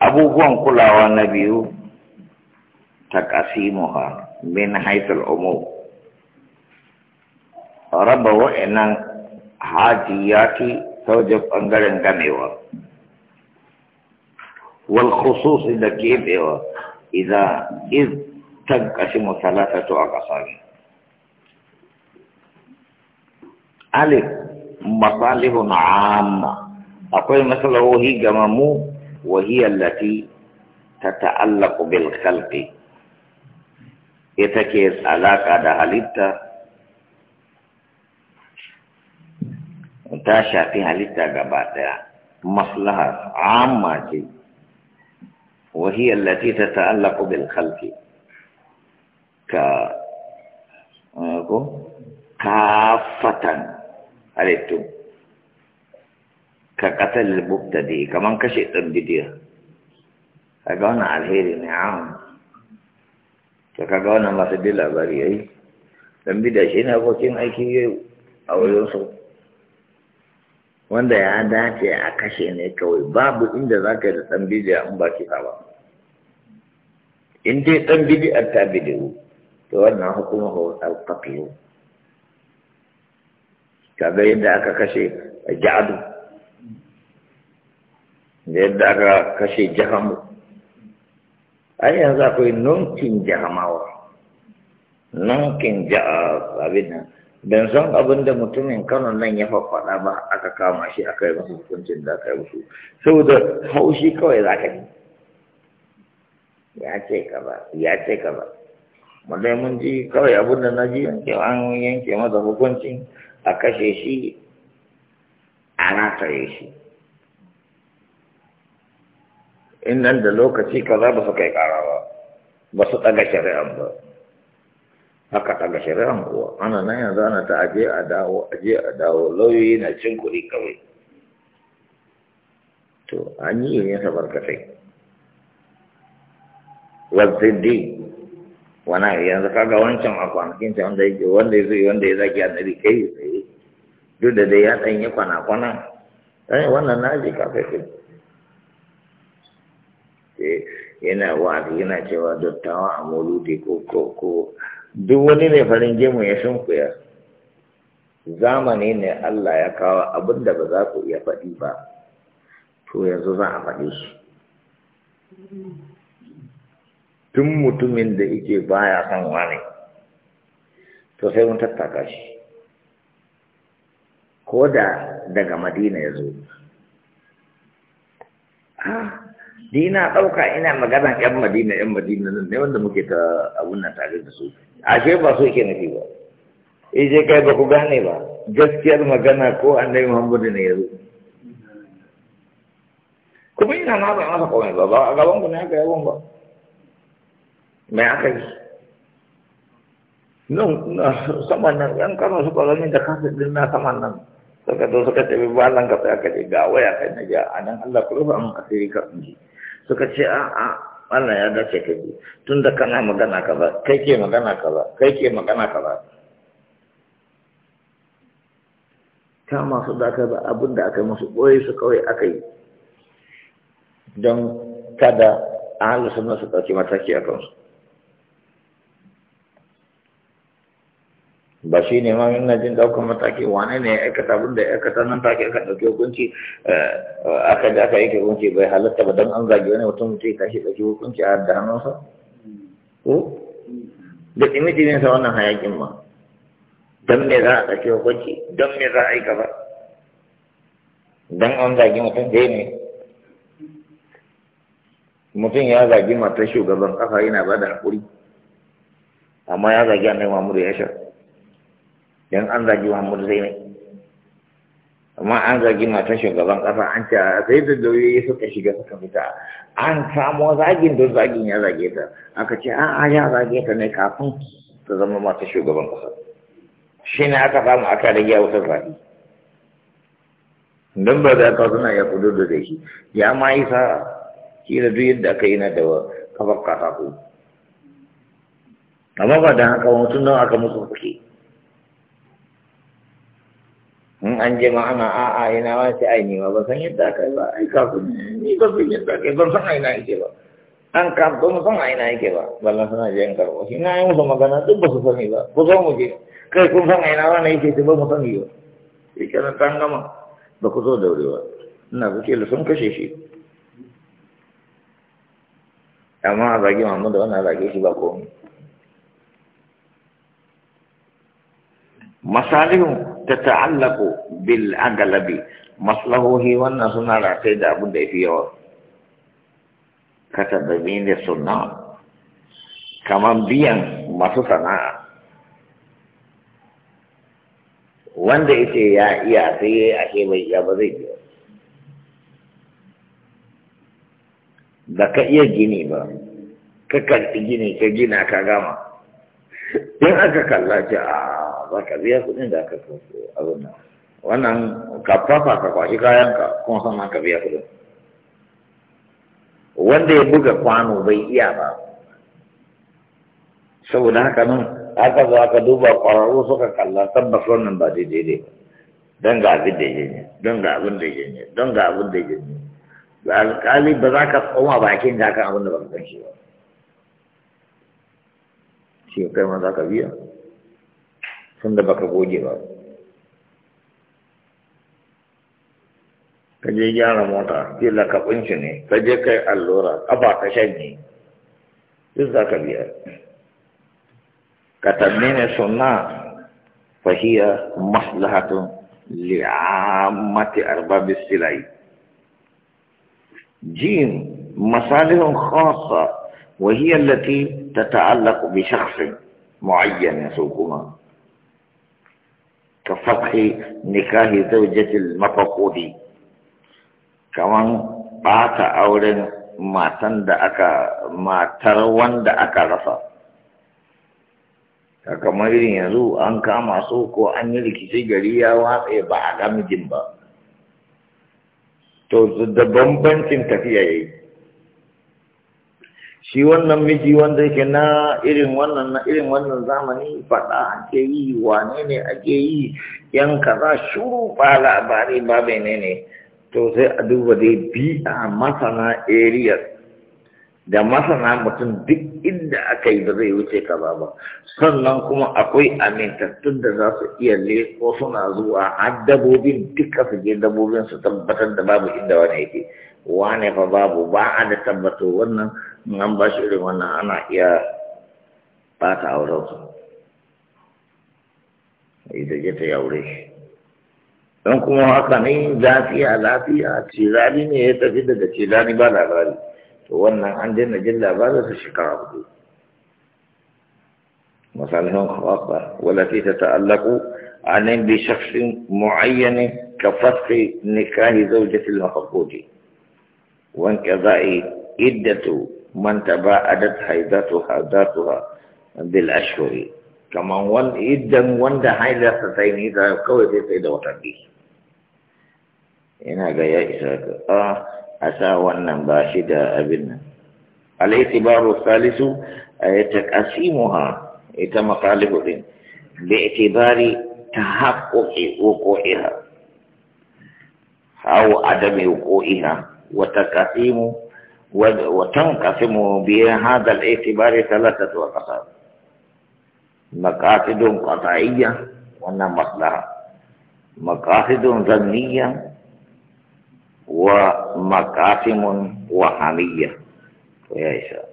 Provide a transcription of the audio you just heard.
abubuwan kulawa na biyu takasimuha min haithul umu raba wa'annan hajiyati ta wajen ɓangaren gamewa wal khususi da keɓewa idan iz takasimu salatatu a ƙasari alif masalihun amma akwai masalahohi gamamu وهي التي تتعلق بالخلق يتكيز علاقة دهالتا ta shafi halitta gaba ɗaya maslaha amma ce wahiyar lati ta ta'allaku bil khalqi ka ko kafatan halittu ka katal mubtadi kaman kashe dan Ka ga wani alheri ne am to ga wani masu bi labari yayi dan shi ne abokin aiki yi a wajen su wanda ya dace a kashe ne kawai babu inda za ka yi da ɗan bidiya in ba kisa ba in dai ɗan bidiyar ta bidiyo to wannan hukuma al Ka ga yadda aka kashe a ja'adu da yadda aka kashe jahamu ai yanzu akwai nunkin jahamawa nunkin abin nan ban san abin da mutumin kano nan ya faɗa ba aka kama shi aka yi masu hukuncin da aka yi musu saboda haushi kawai za ka yi ya ce ka ba ya mun ji kawai abin da na ji yanke an yanke masa hukuncin a kashe shi a rataye shi in nan da lokaci kaza ba su kai kara ba ba su ɗaga shari'an ba haka ɗaga shari'an kuwa ana nan yanzu ana ta aje a dawo aje a dawo lauyoyi na cin kuɗi kawai to an yi yin yasa barkatai wani wana yanzu kaga wancan a kwanakin ta wanda yake wanda ya zai wanda ya a annabi kai tsaye duk da dai ya ɗanyi yi kwana-kwana eh, wannan na je kafin yana wa'azi yana cewa dattawa a mauludi ko ko ko duk wani mai farin gemu ya ya zamani ne Allah ya kawo abin da ba za ku iya faɗi ba to yanzu za a faɗi shi tun mutumin da yake baya son wani to sai mun tattaka shi ko da daga madina ya zo ah, ni na ɗauka ina magana ƴan madina ƴan madina nan ne wanda muke ta abun nan tare da su ashe ba so yake nufi ba eh je kai ba ku gane ba gaskiyar magana ko annabi muhammadu ne ya zo kuma ina na ba masa komai ba ba a gaban ku ne aka yawon ba mai aka yi nan saman nan yan kano suka zama da kasa din na saman nan Saka tu suka tafi balan ka sai aka ce ga waya kai na ja a nan Allah ku rufa mun asiri ka inji suka ce a a ya dace ka ji tun da makan magana kaki kai ke magana makan kai ke magana dah ta masu da aka masuk boy da akai. musu yi don kada a halin suna su ɗauki mataki a kansu ba shi ne ma ina jin daukan mataki wane ne ya aikata abin da ya aikata nan take aka dauke hukunci eh, aka da aka yake hukunci bai halatta ba don an zagi wani mutum mutum ya shi dauki hukunci a da hannunsa ko da tsimi sa wannan hayakin ma don me za a dauke hukunci don me za a yi kaza don an zagi mutum dai ne mutum ya zagi matar shugaban kafa yana ba da haƙuri amma ya zagi annabi mamuru ya sha Yan an zagi muhammadu zai mai amma an zagi matan shugaban kasa an ce sai da ya suka shiga suka fita an samo zagin don zagin ya zage ta aka ce an a ya zage ta ne kafin ta zama mata shugaban kasa shi ne aka samu aka rage wata zagi don ba za ka suna ya kudu da shi ya ma yi sa shi da duk yadda aka yi na da kafar katako amma ba don haka wani tun aka musu kuke an je ana a'a ina wa sai ai ne ba san yadda aka yi ba ai kafin ni ba san yadda aka yi ban san na yake ba an kafin mu san na yake ba ballan suna je an karɓo shi na yi musu magana duk ba su sani ba ku zo mu je kai kun san aina wani yake ce ba mu sani ba shi kenan ta gama ba ku zo daurewa ina kuke da sun kashe shi amma a zagi mamu da wani a zage shi ba komai مصالح تتعلق بالأغلب مصلحه هي وانا سنة راتي دابو دي في اور كتب بين السنة كمان بيان مصو وان دي اتي يا يا تي اكي بي يا بذي جو دكي يجيني با ككالتي جيني كجينا كاقاما تنكك الله za ka biya kuɗin da aka kawo abin nan wannan ka fafa ka kwashi kayanka kuma san ka biya kuɗin wanda ya buga kwano bai iya ba saboda haka nan aka zo aka duba ƙwararru suka kalla tabbas wannan ba daidai ne don ga abin da ya don ga abin da ya don ga abin da ya ba alƙali ba za ka tsoma bakin da kan abin da ba ka san shi ba shi kai ma za ka biya tunda baka goge ba ka je gyara mota kila ka kunshi ne ka je kai allura kafa ka shanye duk za ka biya ka ne sunna fahiya maslahatun li'ammati arbabis silai جيم مصالح خاصة وهي التي تتعلق بشخص معين يسوقها ka fafi nikahi zau jikin mafafobi kamar ba auren matar wanda aka rasa ta kamar yin yanzu an kama so ko an yi rikici gari ya watsa ba a gamijin ba to da bambancin tafiya yi shi wannan miji wanda yake na irin wannan na irin wannan zamani faɗa ake yi wane ne ake yi yan kaza shuru ba labarai ba ne to sai a duba dai bi a masana eriyar. da masana mutum duk inda aka yi da zai wuce ka ba sannan kuma akwai amintattun da za su iya leko suna zuwa har dabobin duka su je dabobin su tabbatar da babu inda wani yake wane fa babu ba a da tabbato wannan nan ba shi irin wannan ana iya bata auren su ita je ta yaure shi don kuma haka ne lafiya lafiya Cizani ne ya tafi daga cizani ba labari wannan an daina jin labarin su shekara hudu misalin khawafa fi ta ta'allaku anan bi shakhsin mu'ayyan ka fasqi nikahi zawjati al-mahbubi wa inqida'i iddatu man taba'adat haidatuha datuha bil ashhuri kaman wan iddan wanda haidata ta yi ta kawai sai da watanni ina ga ya isa ka ah أسا باشدا أبنا الاعتبار الثالث تقسيمها إذا مطالب باعتبار تحقق وقوعها أو عدم وقوعها وتقسيم وتنقسم بهذا الاعتبار ثلاثة أقسام مقاصد قطعية وأن مصلحة مقاصد ظنية ومقاسم وحمية ويا إسحاق